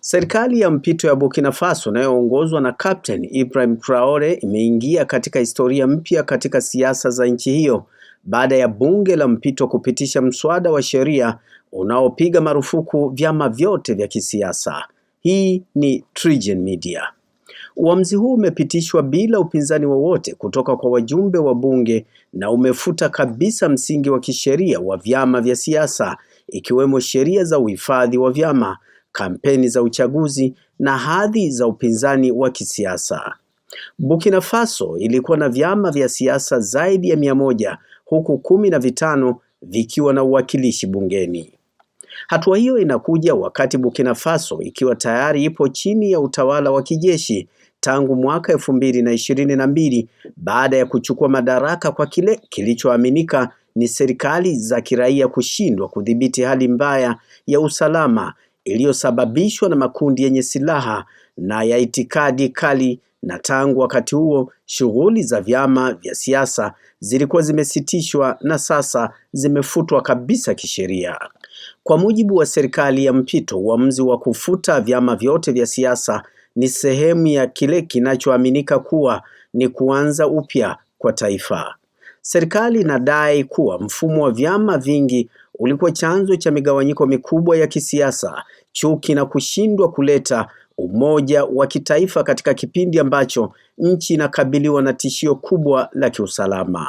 Serikali ya mpito ya Burkina Faso inayoongozwa na Captain Ibrahim Traore imeingia katika historia mpya katika siasa za nchi hiyo baada ya bunge la mpito kupitisha mswada wa sheria unaopiga marufuku vyama vyote vya kisiasa. Hii ni TriGen Media. Uamuzi huu umepitishwa bila upinzani wowote kutoka kwa wajumbe wa bunge na umefuta kabisa msingi wa kisheria wa vyama vya siasa ikiwemo sheria za uhifadhi wa vyama kampeni za uchaguzi na hadhi za upinzani wa kisiasa. Burkina Faso ilikuwa na vyama vya siasa zaidi ya mia moja huku kumi na vitano vikiwa na uwakilishi bungeni. Hatua hiyo inakuja wakati Burkina Faso ikiwa tayari ipo chini ya utawala wa kijeshi tangu mwaka elfu mbili na ishirini na mbili baada ya kuchukua madaraka kwa kile kilichoaminika ni serikali za kiraia kushindwa kudhibiti hali mbaya ya usalama iliyosababishwa na makundi yenye silaha na ya itikadi kali na tangu wakati huo shughuli za vyama vya siasa zilikuwa zimesitishwa na sasa zimefutwa kabisa kisheria. Kwa mujibu wa serikali ya mpito, uamuzi wa kufuta vyama vyote vya siasa ni sehemu ya kile kinachoaminika kuwa ni kuanza upya kwa taifa. Serikali inadai kuwa mfumo wa vyama vingi ulikuwa chanzo cha migawanyiko mikubwa ya kisiasa, chuki na kushindwa kuleta umoja wa kitaifa katika kipindi ambacho nchi inakabiliwa na tishio kubwa la kiusalama.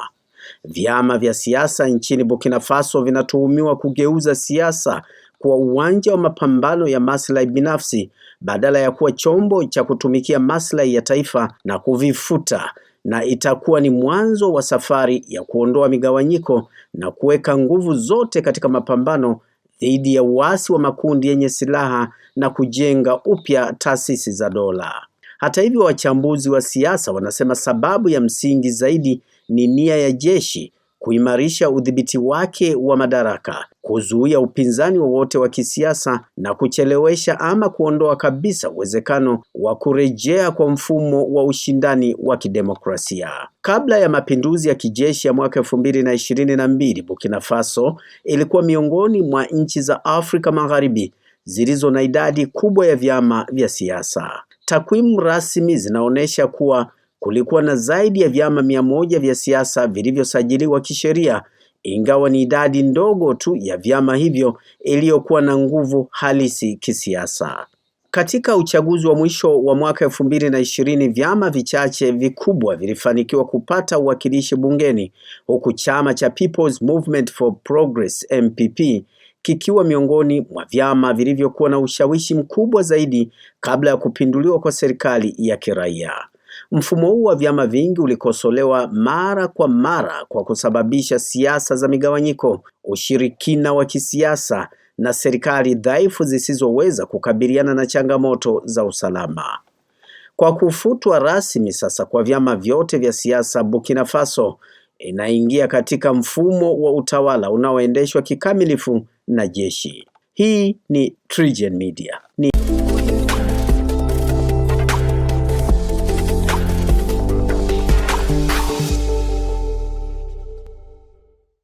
Vyama vya siasa nchini Burkina Faso vinatuhumiwa kugeuza siasa kuwa uwanja wa mapambano ya maslahi binafsi badala ya kuwa chombo cha kutumikia maslahi ya taifa na kuvifuta na itakuwa ni mwanzo wa safari ya kuondoa migawanyiko na kuweka nguvu zote katika mapambano dhidi ya uasi wa makundi yenye silaha na kujenga upya taasisi za dola. Hata hivyo, wachambuzi wa siasa wanasema sababu ya msingi zaidi ni nia ya jeshi kuimarisha udhibiti wake wa madaraka, kuzuia upinzani wowote wa, wa kisiasa na kuchelewesha ama kuondoa kabisa uwezekano wa kurejea kwa mfumo wa ushindani wa kidemokrasia. Kabla ya mapinduzi ya kijeshi ya mwaka na na ishirini mbili Burkina Faso ilikuwa miongoni mwa nchi za Afrika Magharibi zilizo na idadi kubwa ya vyama vya siasa. Takwimu rasmi zinaonyesha kuwa kulikuwa na zaidi ya vyama mia moja vya siasa vilivyosajiliwa kisheria, ingawa ni idadi ndogo tu ya vyama hivyo iliyokuwa na nguvu halisi kisiasa. Katika uchaguzi wa mwisho wa mwaka elfu mbili na ishirini vyama vichache vikubwa vilifanikiwa kupata uwakilishi bungeni huku chama cha People's Movement for Progress MPP kikiwa miongoni mwa vyama vilivyokuwa na ushawishi mkubwa zaidi kabla ya kupinduliwa kwa serikali ya kiraia. Mfumo huu wa vyama vingi ulikosolewa mara kwa mara kwa kusababisha siasa za migawanyiko, ushirikina wa kisiasa na serikali dhaifu zisizoweza kukabiliana na changamoto za usalama. Kwa kufutwa rasmi sasa kwa vyama vyote vya siasa, Burkina Faso inaingia katika mfumo wa utawala unaoendeshwa kikamilifu na jeshi. Hii ni TriGen Media. Ni